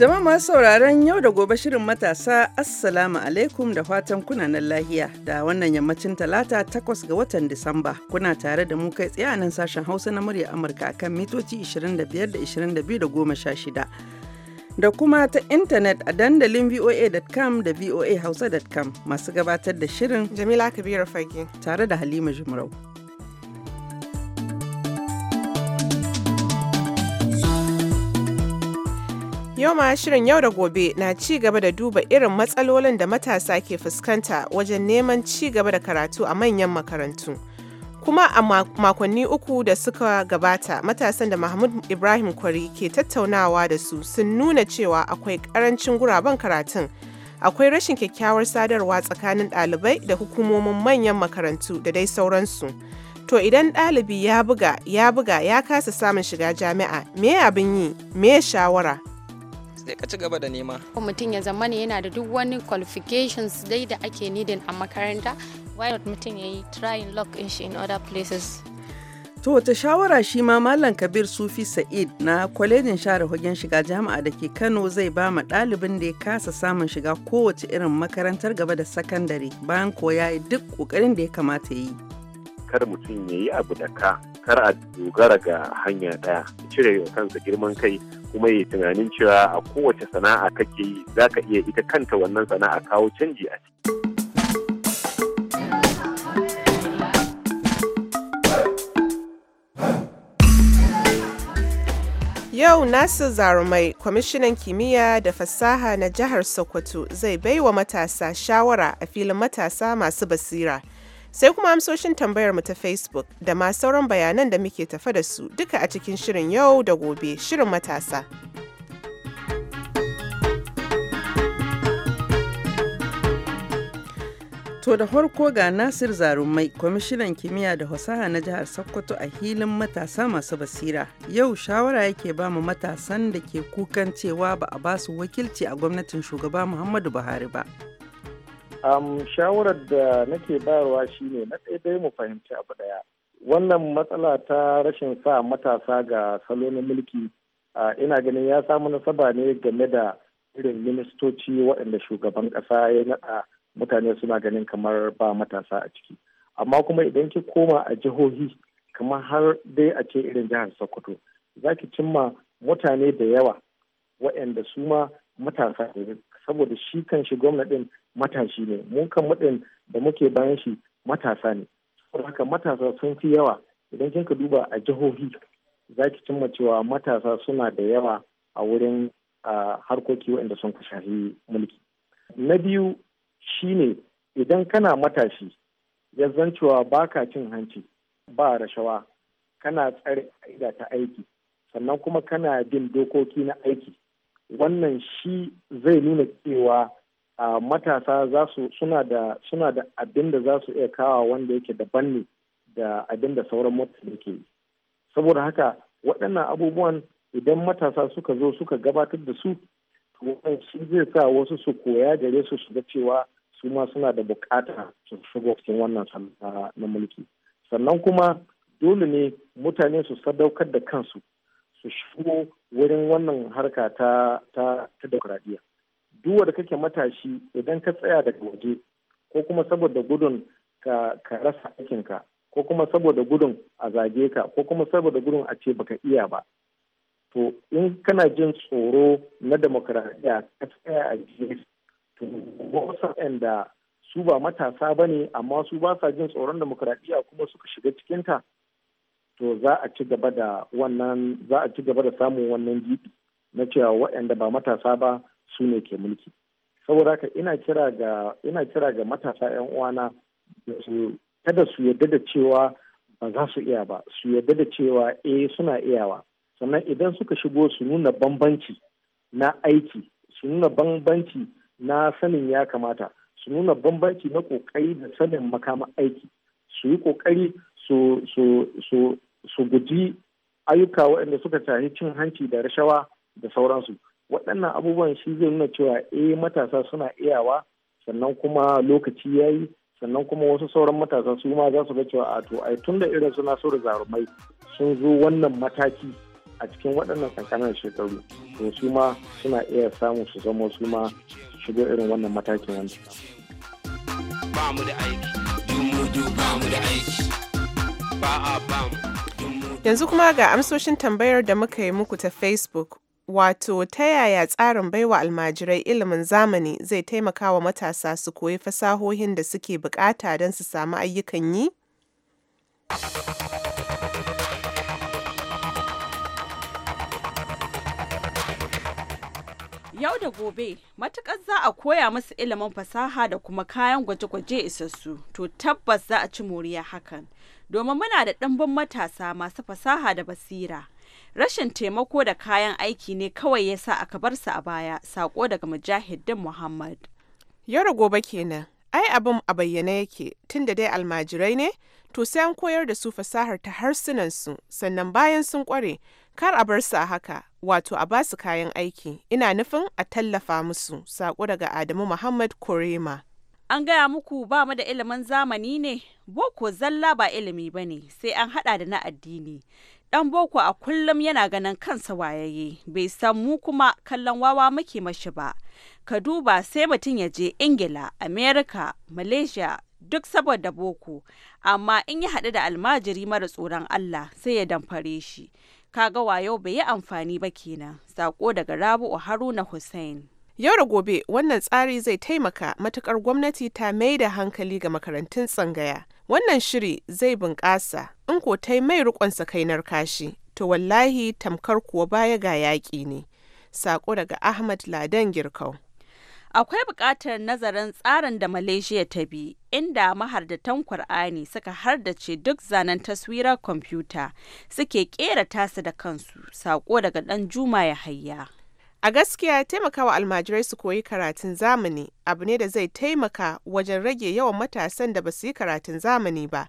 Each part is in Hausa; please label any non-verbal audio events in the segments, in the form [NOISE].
jama masu sauraron yau da gobe shirin matasa Assalamu alaikum da fatan kunanan lahiya da wannan yammacin talata takwas ga watan Disamba kuna tare da mu kai tsaye a nan sashen Hausa na murya Amurka kan mitoci 25 da 22 da 16. Da kuma ta intanet a dandalin voa.com da voahausa.com masu gabatar da shirin Jamila Kabiru Fage tare da Halima Jumrau. Yau ma shirin yau da gobe na ci gaba da duba irin matsalolin da matasa ke fuskanta wajen neman ci gaba da karatu a manyan makarantu. Kuma a makonni uku da suka gabata matasan da Mahmud Ibrahim Kwari ke tattaunawa da su sun nuna cewa akwai karancin guraben karatun. Akwai rashin kyakkyawar sadarwa tsakanin ɗalibai da hukumomin manyan makarantu da dai sauransu. To idan ɗalibi ya buga, ya buga ya kasa samun shiga jami'a, me abin yi, me shawara, sai ka ci gaba da nema mutum ya zama ne yana da duk wani qualifications dai da ake needing a makaranta why not mutum ya yi trying luck in in other places To wata shawara shi ma Malam Kabir Sufi Sa'id na kwalejin share hagen shiga jami'a da ke Kano zai ba ma ɗalibin da ya kasa samun shiga kowace irin makarantar gaba da sakandare bayan koya duk ƙoƙarin da ya kamata ya yi. kar mutum ya yi abu da ka kar a dogara ga hanya ɗaya cire kansa girman kai kuma ya tunanin cewa a kowace sana'a kake yi za ka iya ita kanta wannan sana'a kawo canji a ciki. Yau nasu Zarumai, kwamishinan kimiyya da fasaha na jihar Sokoto zai baiwa matasa shawara a filin matasa masu basira. Sai kuma amsoshin tambayar mu ta Facebook da ma sauran bayanan da muke tafa da su duka a cikin shirin yau da gobe shirin matasa. To da farko ga Nasir Zarumai, kwamishinan kimiyya da fasaha na jihar Sokoto a hilin matasa masu basira. Yau shawara yake ba mu matasan da ke kukan cewa ba a basu wakilci a gwamnatin shugaba Muhammadu Buhari ba. Um, shawarar da nake bayarwa shine na dai mu fahimci abu ɗaya. Wannan matsala ta rashin sa matasa ga salo mulki uh, ina ganin ya samu nasaba ne game da irin ministoci waɗanda shugaban ƙasa ya naɗa mutane suna ganin kamar ba matasa a ciki. Amma kuma idan ki koma a jihohi kamar har dai a ce irin jihar Sokoto za ki cimma mutane da yawa waɗanda su ma matasa saboda shi kan shi gwamna ɗin matashi ne mun kan muɗin da muke bayan shi matasa ne saboda haka matasa sun fi yawa idan kin ka duba a jihohi za ki cimma cewa matasa suna da yawa a wurin harkoki waɗanda sun ka shafi mulki na biyu shine idan kana matashi ya zancewa baka cin hanci ba rashawa kana tsare ka'ida ta aiki sannan kuma kana bin dokoki na aiki wannan shi zai nuna cewa a matasa za su suna da suna da abin da za su iya kawa wanda yake daban ne da abin da sauran mutane ke yi saboda haka waɗannan abubuwan idan matasa suka zo suka gabatar da su to shi zai sa wasu su koya gare su su ga cewa su ma suna da bukata su shigo cikin wannan sana'a na mulki sannan kuma dole ne mutane su sadaukar da kansu su shigo wurin wannan harka ta ta ta duk wanda kake matashi idan ka tsaya daga waje ko kuma saboda gudun ka, ka rasa aikinka ko kuma saboda gudun a zage ka ko kuma saboda gudun a ce baka iya ba to in kana jin tsoro na demokaradiyya ka tsaya a gefe to wasu da su ba matasa ba ne amma su ba sa jin tsoron demokaradiyya kuma suka shiga cikinta to za a ci gaba da samun wannan gibi na cewa waɗanda ba matasa ba su ne ke mulki saboda haka ina kira ga matasa yan uwana kada su yarda da cewa ba za su iya ba su yarda da cewa eh suna iyawa sannan idan suka shigo su nuna bambanci na aiki su nuna bambanci na sanin ya kamata su nuna bambanci na kokari da sanin makaman aiki su yi kokari su guji ayyuka waɗanda suka tari cin hanci da rashawa da sauransu waɗannan abubuwan shi zai nuna cewa eh matasa suna iyawa sannan kuma lokaci ya yi sannan kuma wasu sauran matasa su ma za su ga cewa a to ai tun da irin suna so da zarumai sun zo wannan mataki a cikin waɗannan kankanar shekaru to su ma suna iya samun su zama su ma shigo irin wannan matakin wanda yanzu kuma ga amsoshin tambayar da muka yi muku ta facebook Wato, ta yaya tsarin baiwa almajirai ilimin zamani zai taimaka wa matasa su koyi fasahohin da suke buƙata don su samu ayyukan yi? Yau da gobe, matuƙar za a koya musu ilimin fasaha da kuma kayan gwaje-gwaje isassu, to tabbas za a ci moriya hakan. Domin muna da ɗimbin matasa masu fasaha da basira. rashin taimako da kayan aiki ne kawai ya sa aka bar su a baya sako daga mujahidin muhammad yara gobe kenan ai abin a bayyane yake Tun da dai almajirai ne to sai an koyar da su fasahar ta harsunan su, sannan bayan sun kware kar a bar su a haka wato a basu kayan aiki ina nufin a tallafa musu sako daga adamu muhammad korema an gaya muku ba mu da ilimin zamani ne boko zalla ba ilimi ba ne sai an hada da na addini Dan boko a kullum yana ganin kansa wayayi bai san mu kuma kallon wawa muke mashi ba. Ka duba sai mutum ya je Ingila, Amerika, Malaysia, duk saboda boko, amma in ya haɗu da almajiri mara tsoron Allah sai ya damfare shi. Kaga wayo bai yi amfani ba kenan. Sako daga Rabu'u Haruna Hussein. Yau da gobe wannan tsari zai taimaka matukar gwamnati ta mai da hankali ga makarantun tsangaya. Wannan shiri zai bunƙasa in ko ta yi mai riƙon kainar kashi, to wallahi tamkar kuwa baya ga yaƙi ne. Sako daga Ahmad Ladan Girkau. Akwai buƙatar nazarin tsarin da Malaysia ta bi, inda mahardatan Kur'ani suka hardace duk zanen taswirar kwamfuta suke ƙera tasu da kansu, sako daga ɗan Juma ya hayya. A gaskiya taimakawa almajirai su koyi karatun zamani abu ne da zai taimaka wajen rage yawan matasan da ba su yi karatun zamani ba,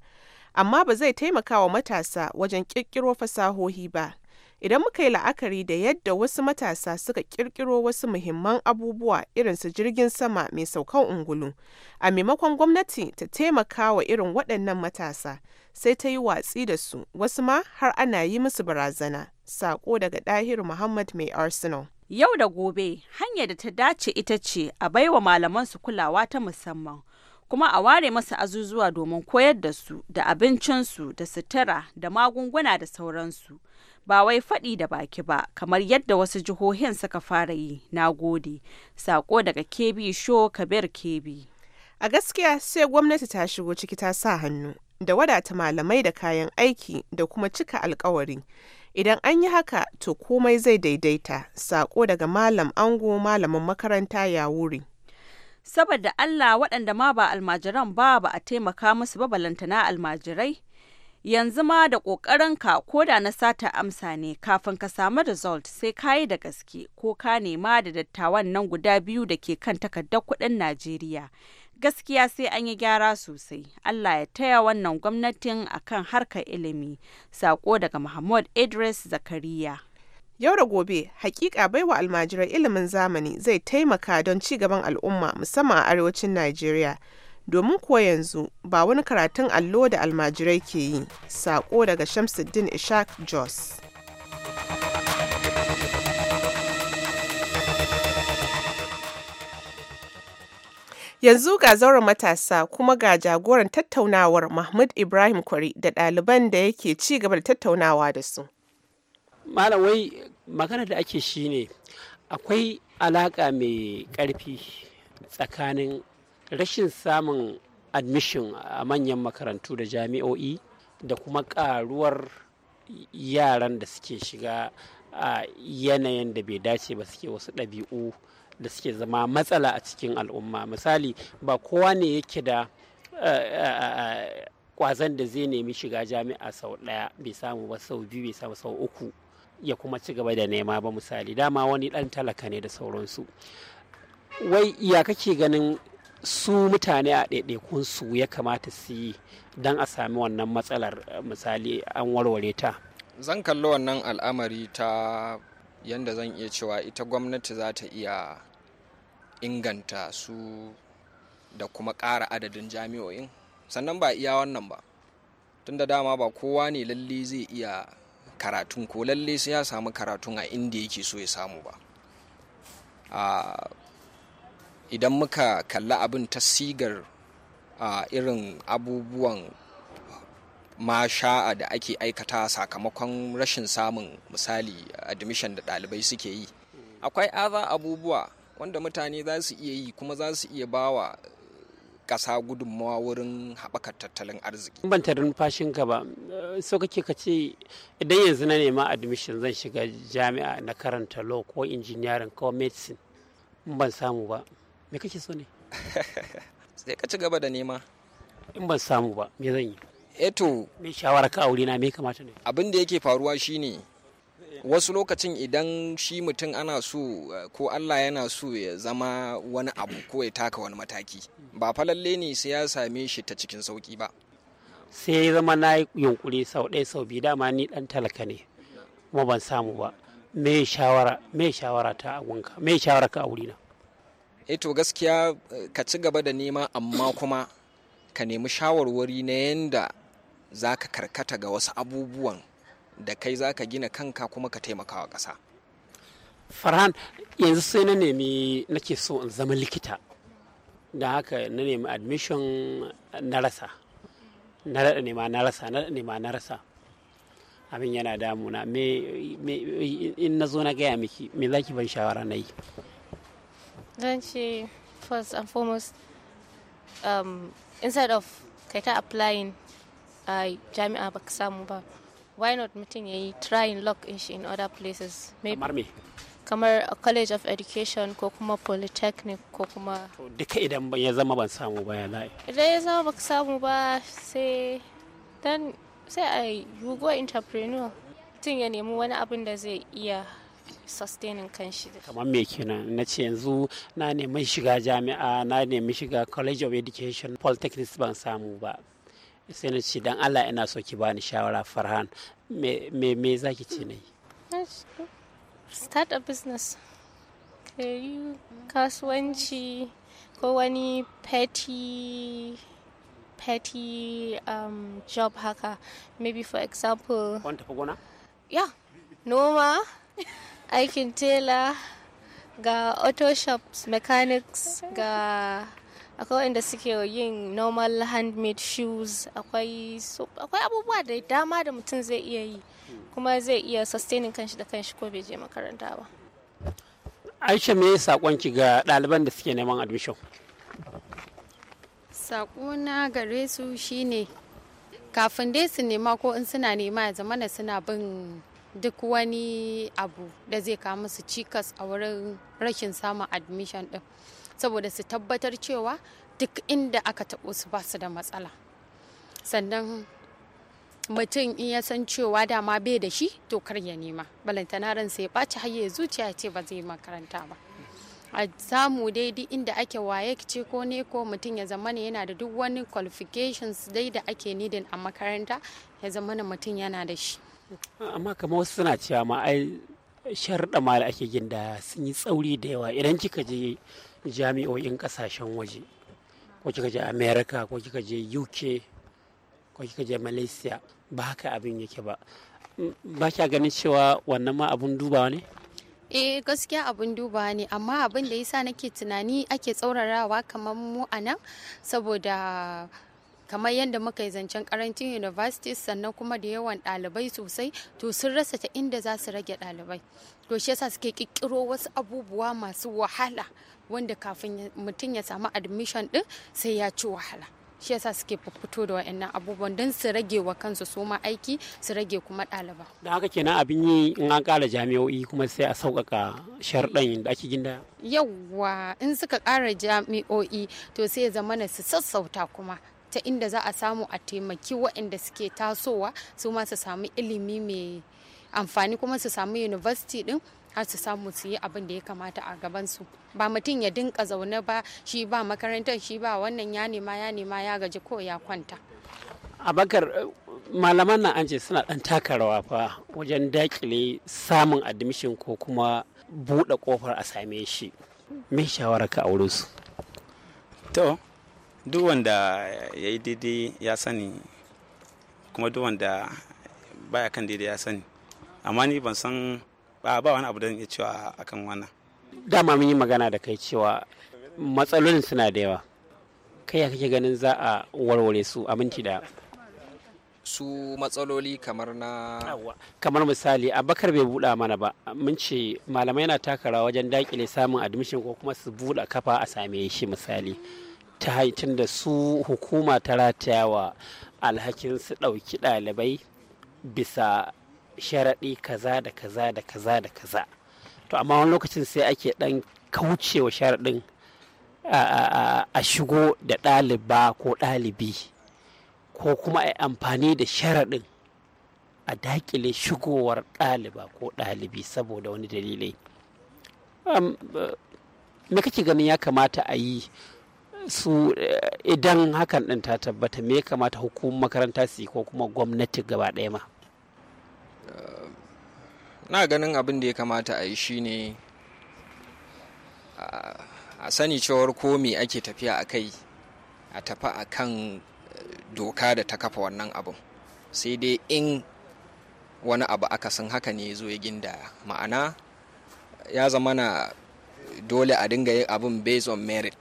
amma ba zai taimakawa matasa wajen ƙirƙiro fasahohi ba. Idan muka yi la'akari da yadda wasu matasa suka ƙirƙiro wasu muhimman abubuwa irin su jirgin sama mai saukan ungulu, a maimakon gwamnati ta taimaka wa irin waɗannan matasa, sai ta yi watsi da su, wasu ma har ana yi musu barazana. Saƙo daga Ɗahiru Muhammad mai Arsenal. Yau da gobe hanyar da ta dace ita ce a baiwa malaman su kulawa ta musamman kuma a ware masa azuzuwa domin koyar da su da abincinsu da sutura da magunguna da sauransu ba wai faɗi da baki ba kamar yadda wasu jihohin suka fara yi na gode sako daga kebi sho kabir kebi a gaskiya sai gwamnati ta shigo ciki ta sa hannu da wadata malamai da kayan aiki da kuma cika alkawari Idan an yi haka, to komai zai daidaita, saƙo daga Malam Ango Malamin makaranta ya wuri. Saboda Allah waɗanda ma ba almajiran ba ba a taimaka musu ba balantana almajirai. Yanzu ma da ƙoƙarin ka ko da na sata amsa ne kafin ka samu result sai ka yi da gaske ko ka nema da dattawan nan guda biyu da ke kan takardar kuɗin Najeriya. gaskiya sai an yi gyara sosai allah ya taya wannan gwamnatin akan harkar ilimi sako daga Muhammad idris zakariya yau da gobe hakika baiwa almajirai ilimin zamani zai taimaka don ci gaban al'umma musamman a arewacin najeriya domin ko yanzu ba wani karatun allo da almajirai ke yi sako daga shamsuddin ishak jos Yanzu ga zauren matasa kuma ga jagoran tattaunawar Mahmud Ibrahim Kwari da ɗaliban da yake ci gaba da tattaunawa da su. Malam wai magana da ake shi ne akwai alaƙa mai ƙarfi tsakanin rashin samun admission a manyan makarantu da jami'o'i da kuma ƙaruwar yaran da suke shiga a yanayin da bai dace ba suke wasu ɗabi'u da suke zama matsala a cikin al'umma misali ba kowa ne yake da kwazon eh, eh, eh, da zai nemi shiga jami'a sau ɗaya bai samu ba sau biyu bai samu sau uku ya kuma ci gaba da nema ba misali dama wani ɗan talaka ne da sauransu wai ya kake ganin su mutane a ɗaiɗaikun su ya kamata su yi don a sami wannan matsalar misali an warware ta zan kalli wannan al'amari ta yadda zan iya cewa ita gwamnati za ta iya inganta su da kuma ƙara adadin jami'o'in sannan ba iya wannan ba tun da dama ba kowa ne lalle zai iya karatun ko lalle sai ya samu karatun a inda yake so ya samu ba idan muka kalla abin ta sigar irin abubuwan masha'a da ake aikata sakamakon rashin samun misali admission da ɗalibai suke yi akwai aza abubuwa wanda mutane za su iya yi kuma za su iya bawa eh, ƙasa gudunmawa wurin haɓakar tattalin arziki. ban ta numfashin ka ba eh, so kake ka ce idan yanzu na nema admission zan shiga jami'a na karanta law ko engineering ko medicine in ban samu ba me kake so ne [LAUGHS] sai ka ci gaba da nema in ban samu ba me zan yi eto eh me shawara ka aure na me kamata ne abin da yake faruwa shine wasu lokacin idan shi mutum ana so eh, ko allah yana so ya zama wani abu ko ya taka wani mataki ba falalle ne sai ya same shi ta cikin sauki ba sai ya zama na yunkuri sau ɗaya sau biyu dama ni ɗan talaka ne kuma ban samu ba me shawara me shawara ta agunka me shawara ka a wurina eh to gaskiya eh, ka ci gaba da nema amma kuma ka nemi shawarwari na yanda za ka karkata ga wasu abubuwan da kai za ka gina kanka kuma ka taimakawa ƙasa farhan yanzu sai na nemi nake so in zama likita da haka na nemi admission na rasa na nema na rasa na nema na rasa abin yana damuna me in na zo na gaya miki me za ki ban shawara na yi zan ce first and foremost um, instead of kai ta applying a jami'a ka samu ba why not mutum ya yi trying lock in shi in other places kamar me kamar a college of education ko kuma polytechnic ko kuma duka idan ya zama ban samu ba ya la'i idan ya zama baka samu ba sai dan sai a yi go entrepreneur mutum ya nemi wani abin da zai iya sustaining shi. kamar me kenan na ce yanzu na nemi shiga jami'a na nemi shiga college of education polytechnics ban samu ba sai na ce dan Allah ina so ki bani shawara Farhan me me, za zaki ce ne start a business yi kasuwanci ko wani petty petty um, job haka maybe for example wani tafi gona ya noma aikin tela ga auto shops mechanics ga akwai wanda suke yin normal handmade shoes akwai akwai abubuwa da dama da mutum zai iya yi kuma zai iya sustaining kanshi da kanshi ko bai je makaranta ba aisha me saƙonki ga ɗaliban da suke neman admission sakona gare su shine kafin dai su nema ko in suna nema ya zamana suna bin duk wani abu da zai kawo musu cikas a wurin rashin samun admission din saboda su tabbatar cewa duk inda aka taɓo su ba su da matsala sannan mutum in ya san cewa dama bai da shi to kar ya nema balantana ran sai ɓaci har ya zuciya ce ba zai makaranta ba a samu daidai inda ake waye ce ko ne ko mutum ya zama yana da duk wani qualifications dai da ake nidin a makaranta ya zama mutum yana da shi amma kamar wasu suna cewa ma ai sharɗa ma ake gindaya sun yi tsauri da yawa idan kika je jami'o'in kasashen waje ko kika je america ko kika je uk ko kika je malaysia ba haka abin yake ba mm, ba kya ganin cewa wannan ma abun dubawa ne eh gaskiya abun duba ne amma abin da yasa nake tunani ake tsaurarawa kamar mu anan saboda kamar yadda muka yi zancen karancin universities sannan kuma da yawan dalibai sosai to sun rasa ta inda za su rage dalibai to shi yasa suke kikkiro wasu abubuwa masu wahala wanda kafin mutum ya samu admission din sai ya ci wahala shi yasa suke fito da wa'annan abubuwan don su rage wa kansu su ma aiki su rage kuma ɗaliba. da haka kenan abin yi in an ƙara jami'o'i kuma sai a sauƙaƙa sharɗan da ake ginda. yawwa in suka kara jami'o'i to sai ya zama na su sassauta kuma ta inda za a samu a taimaki waɗanda suke tasowa su ma su samu ilimi mai amfani kuma su samu university din har su samu su yi abin da ya kamata a gabansu ba mutum ya dinka zaune ba shi ba makarantar shi ba wannan ya nema ya nema ya gaji ko ya kwanta abakar malaman na an ce suna dan taka rawa fa wajen dakile samun admission ko kuma buɗe kofar a same shi me ka a wurinsu to duk wanda ya yi daidai ya sani kuma duk wanda baya kan daidai ya sani amma ni ban san ba ba wani abu da ya cewa akan wannan dama mun yi magana da kai cewa matsalolin suna da yawa kai ya kake ganin za a warware su aminci da su matsaloli kamar na kamar misali abakar bai buɗa mana ba mun ce malamai na taka rawa wajen dakile samun admission ko kuma su buɗe kafa a same shi misali ta haitin da su hukuma ta rataya wa alhakin su ɗauki ɗalibai bisa sharaɗi kaza da kaza da kaza da kaza to amma wani lokacin sai ake ɗan kaucewa sharaɗin a shigo da ɗaliba ko ɗalibi ko kuma a amfani da sharaɗin a dakile shigowar ɗaliba ko ɗalibi saboda wani dalilai me kake ganin ya kamata a yi su eh, idan hakan ɗin ta tabbata me ya kamata hukumar makaranta su yi ko kuma gwamnati gaba ɗaya ma na ganin abin da ya kamata a yi shine a sani cewar ko me ake tafiya a kai a tafi a kan eh, doka da ta kafa wannan abin sai dai in wani abu aka akasin haka ne zo ya ginda ma'ana ya zama na dole a dinga yin abin based on merit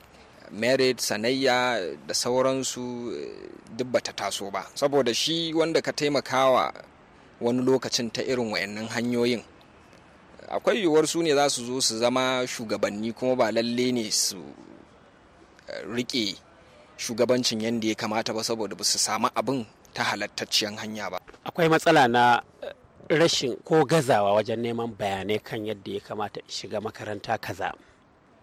merit sanayya da sauransu eh, duk bata taso ba saboda shi wanda ka taimakawa wani lokacin ta irin wayannan hanyoyin akwai yiwuwar su ne za su zo su zama shugabanni kuma ba lalle ne su eh, rike shugabancin yadda ya kamata ba saboda ba su samu abin ta halattacciyar hanya ba akwai matsala na eh, rashin ko gazawa wajen neman bayanai kan yadda ya kamata shiga makaranta kaza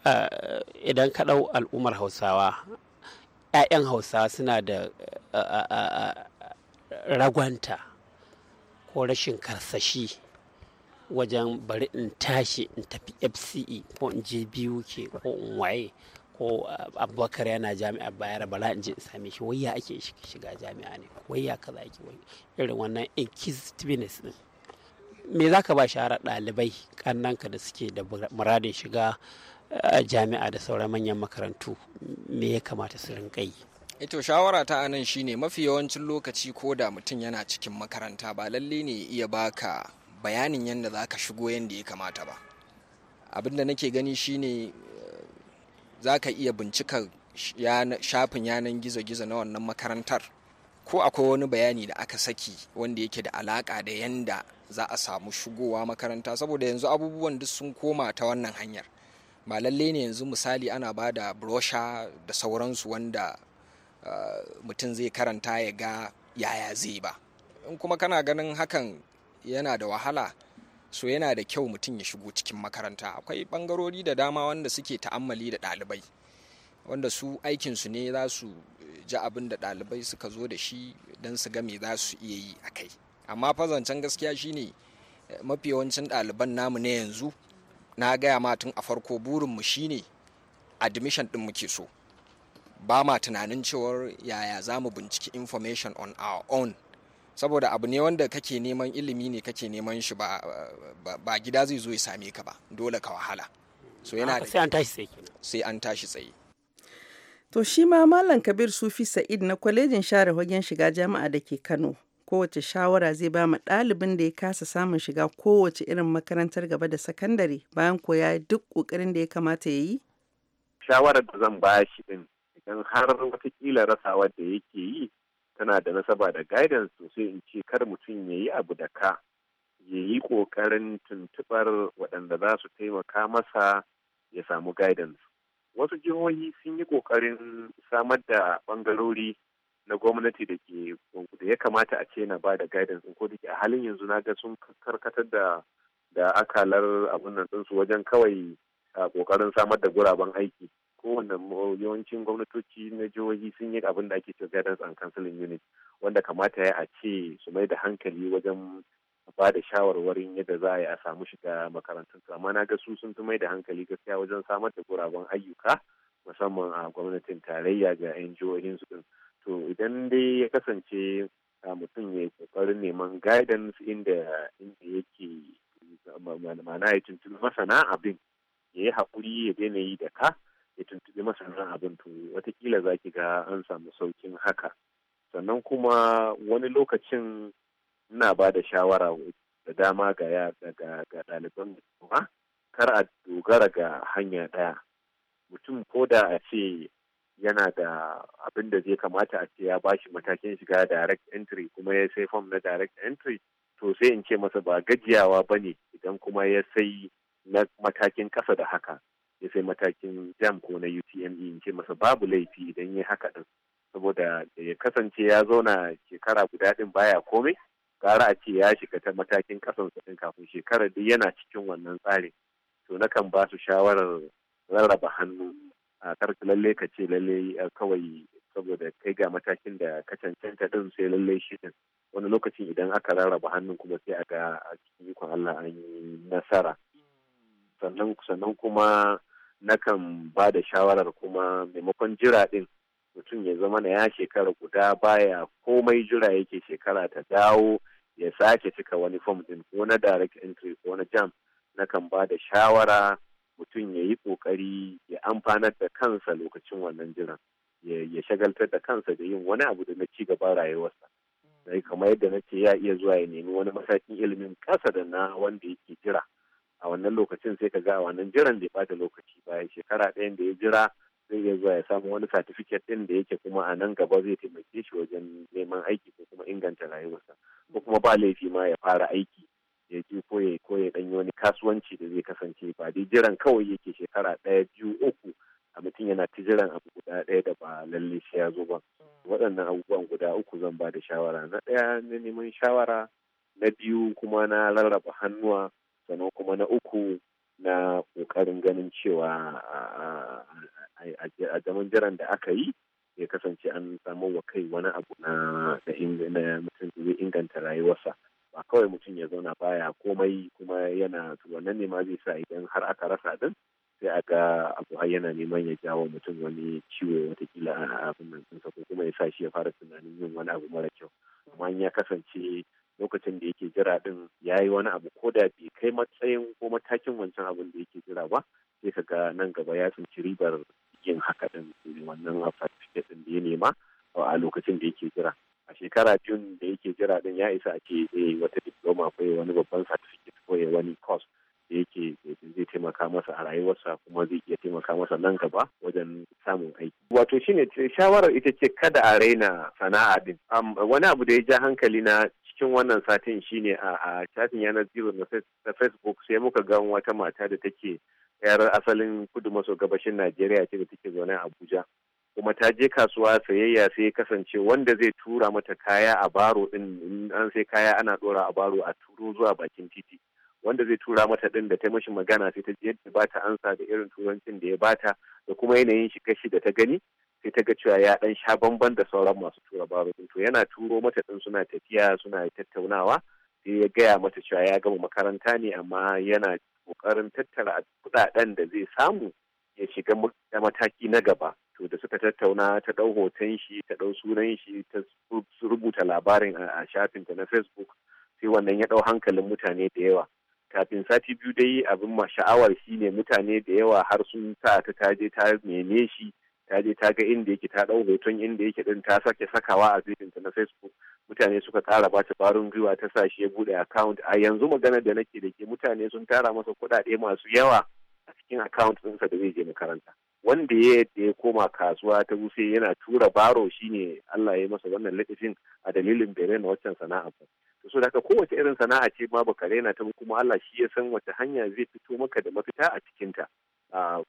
Eh, idan ka ɗau al'ummar hausawa 'ya'yan hausawa suna da eh, eh, ragwanta ko rashin karsashi wajen bari in tashi in tafi fce ko in je biyu ke ko in waye ko abubakar yana jami'a bayar bala in je in same shi wai ya ake shiga jami'a ne wai ya kaza ake wai irin wannan inquisitiveness din me za ka ba shahara ɗalibai kannanka da suke da muradin shiga A jami'a da sauran manyan makarantu me ya kamata su rinka yi ito eh shawara ta anan shine mafi yawancin lokaci ko da mutum yana cikin makaranta ba lalle ne iya baka bayanin yadda za ka shigo yadda ya kamata ba abinda nake gani shine eh, za ka iya bincika shafin yanan gizo-gizo na wannan makarantar ko akwai wani bayani da aka saki wanda yake da alaka da yanda za a samu shigowa makaranta saboda yanzu abubuwan duk sun koma ta wannan hanyar ba lalle ne yanzu misali ana ba da brosha da sauransu wanda eh, mutum zai karanta ya ga yaya zai ba in kuma kana ganin hakan yana da wahala so yana da kyau mutum ya shigo cikin makaranta akwai bangarori da dama wanda suke ta'ammali da ɗalibai wanda su aikinsu ne za su ji abin da ɗalibai suka zo da shi don su ga me za su iya yi a kai amma fazancen gaskiya shine eh, mafi yawancin ɗaliban namu ne yanzu na gaya ma tun a farko burinmu shine admission din muke so ba ma tunanin cewar yaya za mu binciki information on our own saboda abu ne wanda kake neman ilimi ne kake neman shi ba, gida zai zo ya same ka ba dole ka wahala so yana sai an tashi tsaye sai to shi ma malam kabir sufi sa'id na kwalejin share hagen shiga jami'a da ke kano kowace shawara zai ba ma ɗalibin da ya kasa samun shiga kowace irin makarantar gaba da sakandare bayan koya duk ƙoƙarin da ya kamata ya yi? Shawarar da zan ba shi ɗin idan har watakila rasawa da yake yi tana da nasaba da guidance sosai in ce kar mutum ya yi abu da ka ya yi ƙoƙarin tuntuɓar waɗanda za su taimaka masa ya samu guidance. Wasu jihohi sun yi ƙoƙarin samar da ɓangarori na gwamnati da ke da ya kamata a ce na ba da guidance ko da a halin yanzu na ga sun karkatar da da akalar abin nan ɗinsu wajen kawai a kokarin samar da guraben aiki kowane yawancin gwamnatoci na jihohi sun yi abin da ake cewa guidance and counseling unit wanda kamata ya a ce su mai da hankali wajen ba da shawarwarin yadda za a yi a samu shiga makarantun amma na ga su sun fi mai da hankali gaskiya wajen samar da guraben ayyuka musamman a gwamnatin tarayya ga 'yan jihohin su to idan dai ya kasance ah, mutum ya yi kokarin neman guidance inda yake mana ya tuntubi masana abin ya yi haƙuri ya daina yi da ka ya tuntubi masana abin to watakila za ki ga an samu saukin haka sannan kuma wani lokacin ina ba da shawara da dama ga ga ɗaliban kuma kar a dogara ga hanya ɗaya mutum ko da a ce yana da abin da zai kamata a ce ya ba shi matakin shiga direct entry kuma ya sai form na direct entry to sai in ce masa ba gajiyawa ba ne idan kuma ya sai na matakin kasa da haka ya sai matakin jam ko na utme in ce masa babu laifi idan ya haka din saboda da ya kasance ya zauna shekara guda din baya komai gara a ce ya shiga ta matakin kasan din kafin shekarar duk yana cikin wannan tsarin to nakan ba su shawarar rarraba hannu A kar lalle ka ce lalle kawai saboda kai ga matakin da ka cancanta din sai lalle shi din wani lokacin idan aka rarraba hannun kuma sai a ga a cikin ikon Allah an yi nasara sannan sannan kuma nakan ba da shawarar kuma maimakon jira din mutum ya zama na ya shekara guda baya komai jira yake shekara ta dawo ya sake cika wani fom din ko na direct entry ko na jam nakan ba da shawara mutum ya yi ƙoƙari ya amfanar da kansa lokacin wannan jiran ya shagaltar da kansa da yin wani abu da na ci gaban rayuwarsa mm. kamar yadda na ce ya iya zuwa ya nemi wani matakin ilimin kasa da na wanda yake jira a wannan lokacin sai ka ga wannan jiran bai bata lokaci ba shekara ɗayan da ya jira zai iya zuwa ya samu wani satifiket ɗin da yake kuma a nan gaba zai taimake shi wajen neman aiki ko kuma inganta rayuwarsa ko mm. kuma ba laifi ma ya fara aiki ya je ko ya ko ya danyi wani kasuwanci da zai kasance ba dai jiran kawai yake shekara ɗaya biyu uku a mutum yana ta jiran abu guda ɗaya da ba lalle sai ya zo ba mm. waɗannan abubuwan guda uku zan ba da shawara na ɗaya na neman shawara na biyu kuma na rarraba hannuwa sannan kuma na uku na ƙoƙarin ganin cewa a zaman jiran da aka yi ya kasance an samu wa kai wani abu na mutum zai inganta rayuwarsa ba kawai mutum ya zauna baya komai kuma yana wannan ne ma zai sa idan har aka rasa din sai a ga abu yana neman ya jawo mutum wani ciwo watakila a abin nan ko kuma ya sa shi ya fara tunanin yin wani abu mara kyau amma in ya kasance lokacin da yake jira din ya yi wani abu ko da bai kai matsayin ko matakin wancan abin da yake jira ba sai ka ga nan gaba ya tsinci ribar yin haka din wannan certificate din da ya nema a lokacin da yake jira shekara biyun da yake jira din ya isa a yi wata diploma ko wani babban certificate ko ya wani course da yake zai taimaka masa a rayuwarsa kuma zai iya taimaka masa nan gaba wajen samun aiki. Wato shine shawarar ita ce kada a raina sana'a din. wani abu da ya ja hankali na cikin wannan satin shine a shafin yanar gizo na Facebook sai muka ga wata mata da take yar asalin kudu maso gabashin Najeriya ce da take zaune a Abuja. kuma ta je kasuwa sayayya sai kasance wanda zai tura mata kaya a baro din an sai kaya ana dora a baro a turo zuwa bakin titi wanda zai tura mata din da ta mashi magana sai ta je yadda bata ansa da irin turancin da ya bata da kuma yanayin shi kashi da ta gani sai ta ga cewa ya dan sha bamban da sauran masu tura baro din to yana turo mata din suna tafiya suna tattaunawa sai ya gaya mata cewa ya gama makaranta ne amma yana kokarin tattara kudaden da zai samu ya shiga mataki na gaba to da suka tattauna ta ɗau hoton shi ta ɗau sunan shi ta rubuta labarin a shafinta na facebook sai wannan ya ɗau hankalin mutane da yawa kafin sati biyu dai abin ma sha'awar shi ne mutane da yawa har sun sa ta ta je ta neme shi ta je ta ga inda yake ta ɗau hoton inda yake ɗin ta sake sakawa a ta na facebook mutane suka ƙara ba ta barin gwiwa ta sa shi ya buɗe account a yanzu magana da nake da ke mutane sun tara masa kuɗaɗe masu yawa a cikin account ɗinsa da zai je makaranta wanda ya yadda ya koma kasuwa ta wuce yana tura baro shi ne Allah ya yi masa wannan laifin a dalilin bai raina waccan sana'a ba to so daga kowace irin sana'a ce ma baka raina ta kuma Allah shi ya san wace hanya zai fito maka da mafita a cikin ta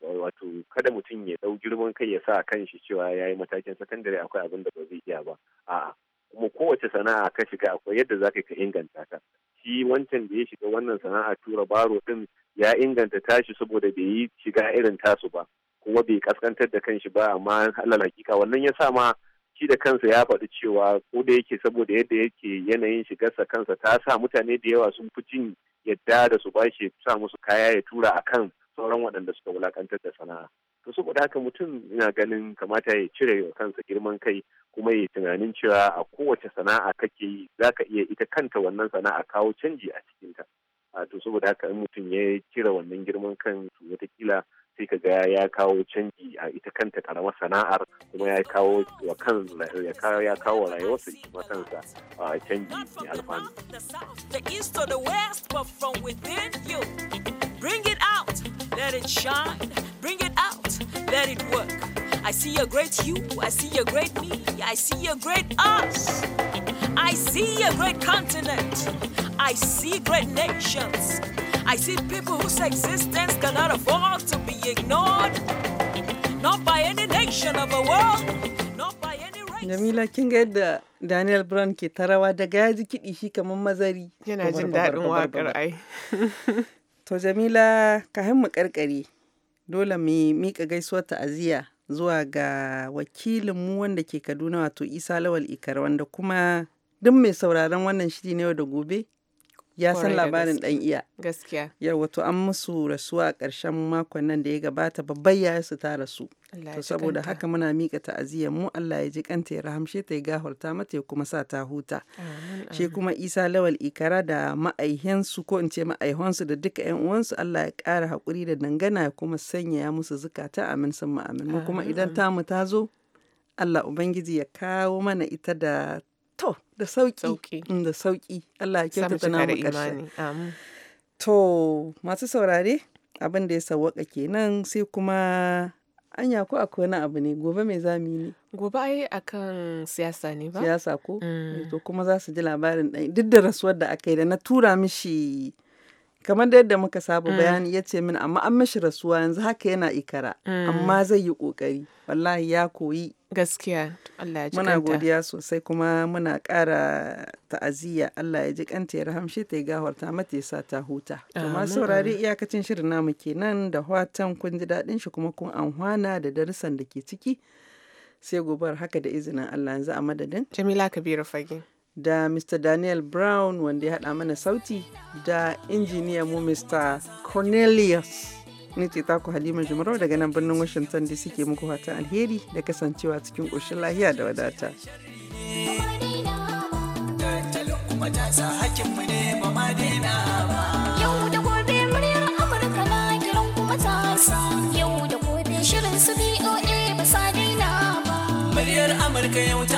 wato kada mutum ya dau girman kai ya sa kan shi cewa ya yi matakin sakandare akwai abin da ba zai iya ba a'a kuma kowace sana'a ka shiga akwai yadda za ka inganta ta shi wancan da ya shiga wannan sana'a tura baro ɗin. ya inganta tashi saboda bai yi shiga irin tasu ba kuma bai kaskantar da kanshi ba amma halal hakika wannan ya sa ma shi da kansa ya faɗi cewa ko da yake saboda yadda yake yanayin shigarsa kansa ta sa mutane da yawa sun fi jin yadda da su ba bashi sa musu kaya ya tura a kan sauran waɗanda suka wulakantar da sana'a to saboda haka mutum ina ganin kamata ya cire wa kansa girman kai kuma ya tunanin cewa a kowace sana'a kake yi za ka iya ita kanta wannan sana'a kawo canji a cikinta to saboda haka in mutum ya kira wannan girman kan watakila sai ka ga ya kawo canji a ita kanta karama sana'ar kuma ya kawo wa kan ya kawo rayuwarsa shi ma kansa canji mai alfanu. Bring it out, let it shine. Bring it out, let it work. I see a great you, I see a great me, I see a great us. I see a great continent. I see great nations. I see people whose existence cannot afford to be ignored. Not by any nation of the world, not by any race. Jamila, kin ga yadda Daniel Brown ke tarawa daga ya ji kiɗi shi kamar mazari. Yana jin daɗin waƙar ai. [LAUGHS] To Jamila, ka mu ƙarƙare dole mu miƙa gaisuwar ta'aziyya zuwa ga wakilin mu wanda ke Kaduna wato Isa Lawal Ikar wanda kuma duk mai sauraron wannan shiri na yau da gobe ya san labarin dan iya gaskiya yar wato an musu rasuwa a ƙarshen makon nan da ya gabata babban yaya su ta rasu to saboda haka muna mika ta'aziyyar mu Allah ya ji kanta ya rahamshe ta ya gafarta mata ya kuma sa ta huta shi kuma Isa Lawal Ikara da su ko in ce ma'aihansu da duka ƴan uwansu Allah ya ƙara hakuri da dangana ya kuma sanya musu zukata amin sun mu amin mu kuma idan tamu ta zo Allah Ubangiji ya kawo mana ita da To, da sauki. Mm, da sauki. Allah ya kyautata namu ƙarshe. To, masu saurare, abin da ya sawwaka kenan sai kuma anya ko akwai wani abu ne gobe mai zami ne gobe ai akan siyasa ne ba siyasa ko mm. to kuma za su ji labarin duk da rasuwar da aka yi da na tura mishi kamar da yadda muka saba mm. bayani ya ce min amma an mashi rasuwa yanzu haka yana ikara mm. amma zai yi kokari wallahi ya koyi gaskiya Allah ya muna godiya sosai kuma muna ƙara ta'aziyya Allah ya ji kanta ya rahamshe ta gafarta mata ya sa ta huta kuma saurari iyakacin shirin namu kenan da watan kun ji daɗin shi kuma kun anhwana da darussan da ke ciki sai gobar haka da izinin Allah yanzu a madadin Jamila Kabiru Fage da Mr. Daniel Brown wanda ya haɗa mana sauti da injiniya mu Mr. Cornelius. Ni ce taku Halima Jumarau daga nan birnin Washington DC ke muku fatan alheri da kasancewa cikin ƙoshin lahiya da wadata. Yau da gobe muryar Amurka na kiran kuma ta yau da gobe shirin su BOA ba sa daina ba. Muryar Amurka yau ta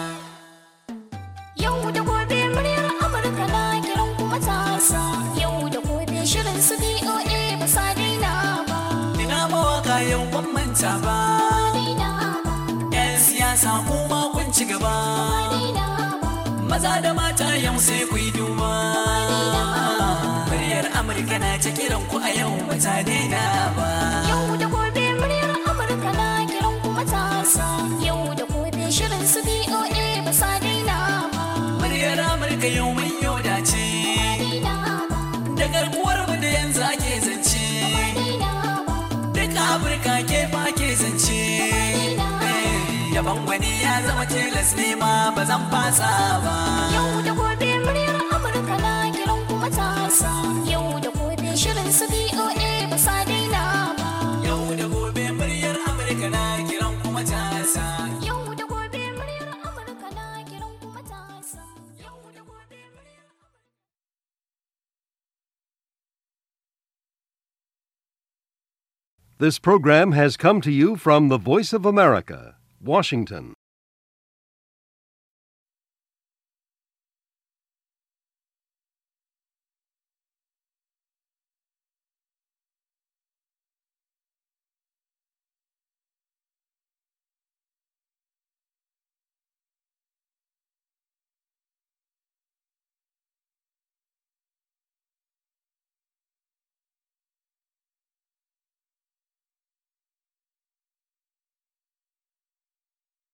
manta ba yan siyasa kuma kun ci gaba maza da mata yau sai ku yi duba muryar amurka na ta kiran ku a yau ba ta daina ba ya zama tilas ne ma ba zan fasa ba yau da gobe muryar amurka na kiran kuma ta yau da gobe shirin su boa ba sa daina ba yau da gobe muryar amurka na kiran kuma ta This program has come to you from the Voice of America. Washington.